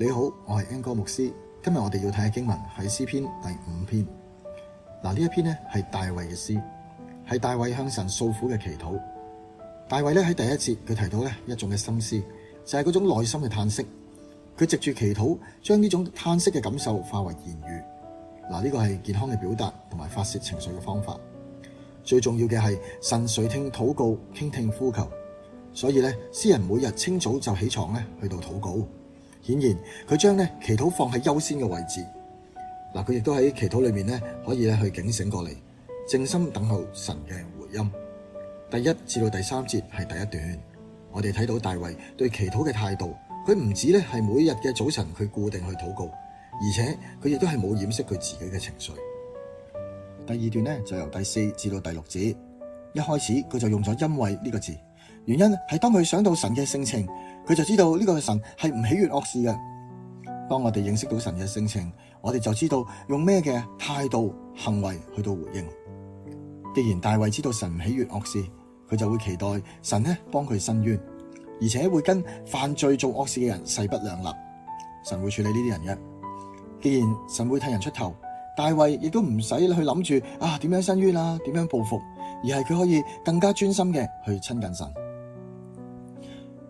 你好，我係 Angus 牧師。今日我哋要睇嘅經文喺詩篇第五篇。嗱，呢一篇呢係大衛嘅詩，係大衛向神訴苦嘅祈禱。大衛在喺第一節，佢提到一種嘅心思，就係嗰種內心嘅嘆息。佢藉住祈禱，將呢種嘆息嘅感受化為言語。嗱，呢個係健康嘅表達同埋發洩情緒嘅方法。最重要嘅係神垂聽禱告，傾聽呼求。所以詩人每日清早就起床去到禱告。顯然佢將咧祈禱放喺優先嘅位置，嗱，佢亦都喺祈禱裏面咧可以咧去警醒過嚟，靜心等候神嘅回音。第一至到第三節係第一段，我哋睇到大衛對祈禱嘅態度，佢唔止咧係每日嘅早晨去固定去禱告，而且佢亦都係冇掩飾佢自己嘅情緒。第二段咧就由第四至到第六節。一開始佢就用咗「因為」呢個字，原因係當佢想到神嘅性情，佢就知道呢個神係唔喜悅惡事嘅。當我哋認識到神嘅性情，我哋就知道用咩嘅態度行為去到回應。既然大衛知道神唔喜悅惡事，佢就會期待神呢幫佢申冤，而且會跟犯罪做惡事嘅人勢不兩立。神會處理呢啲人嘅。既然神會替人出頭，大衛亦都唔使去諗住啊點樣申冤啦、啊，點樣報復。而係佢可以更加專心嘅去親近神。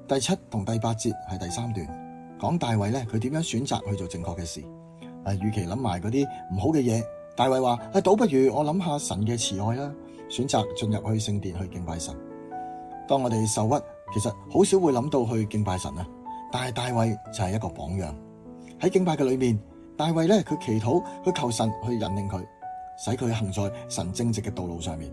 第七同第八節係第三段講大衛呢，佢點樣選擇去做正確嘅事？誒、啊，與其期諗埋嗰啲唔好嘅嘢，大衛話、啊、倒不如我諗下神嘅慈愛啦，選擇進入去聖殿去敬拜神。當我哋受屈，其實好少會諗到去敬拜神，但係大衛就係一個榜樣喺敬拜嘅裏面，大衛呢，佢祈禱去求神去引領佢，使佢行在神正直嘅道路上面。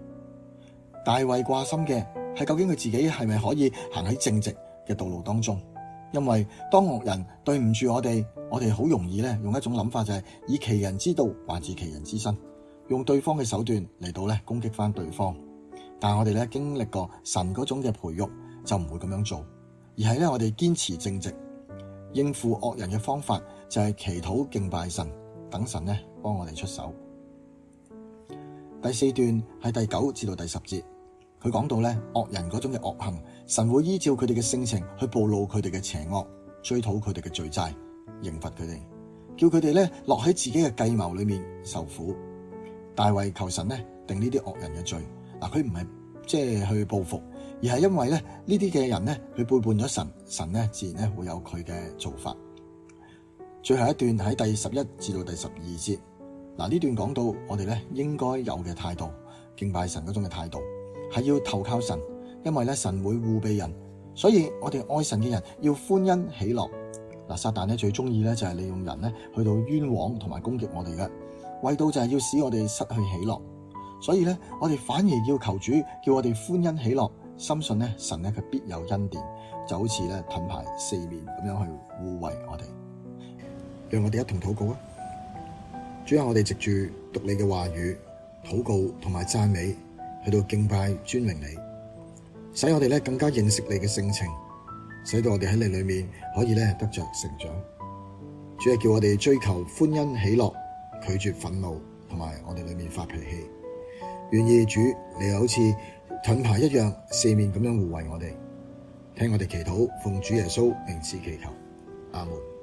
大衛掛心嘅係究竟佢自己係咪可以行喺正直嘅道路當中？因為當惡人對唔住我哋，我哋好容易用一種諗法，就係以其人之道還治其人之身，用對方嘅手段嚟到攻擊返對方。但我哋經歷過神嗰種嘅培育，就唔會咁樣做，而係我哋堅持正直，應付惡人嘅方法就係祈禱敬拜神，等神幫我哋出手。第四段係第九至到第十節。佢講到咧惡人嗰種嘅惡行，神會依照佢哋嘅性情去暴露佢哋嘅邪惡，追討佢哋嘅罪債，刑罰佢哋，叫佢哋咧落喺自己嘅計謀裏面受苦。大衛求神咧定呢啲惡人嘅罪嗱，佢唔係即係去報復，而係因為咧呢啲嘅人咧佢背叛咗神，神咧自然咧會有佢嘅做法。最後一段喺第十一至到第十二節嗱，呢段講到我哋咧應該有嘅態度，敬拜神嗰種嘅態度。係要投靠神，因為咧神會護庇人，所以我哋愛神嘅人要歡欣喜樂。嗱，撒旦咧最中意咧就係利用人咧去到冤枉同埋攻擊我哋嘅，為到就係要使我哋失去喜樂。所以咧，我哋反而要求主叫我哋歡欣喜樂，深信咧神咧佢必有恩典，就好似咧盾牌四面咁樣去護衛我哋。讓我哋一同禱告啊！主啊，我哋藉住讀你嘅話語，禱告同埋讚美。去到敬拜尊榮你，使我哋咧更加認識你嘅性情，使到我哋喺你裏面可以咧得着成長。主要叫我哋追求歡欣喜樂，拒絕憤怒同埋我哋裏面發脾氣。願意主，你又好似盾牌一樣，四面咁樣護衛我哋，聽我哋祈禱，奉主耶穌名字祈求，阿門。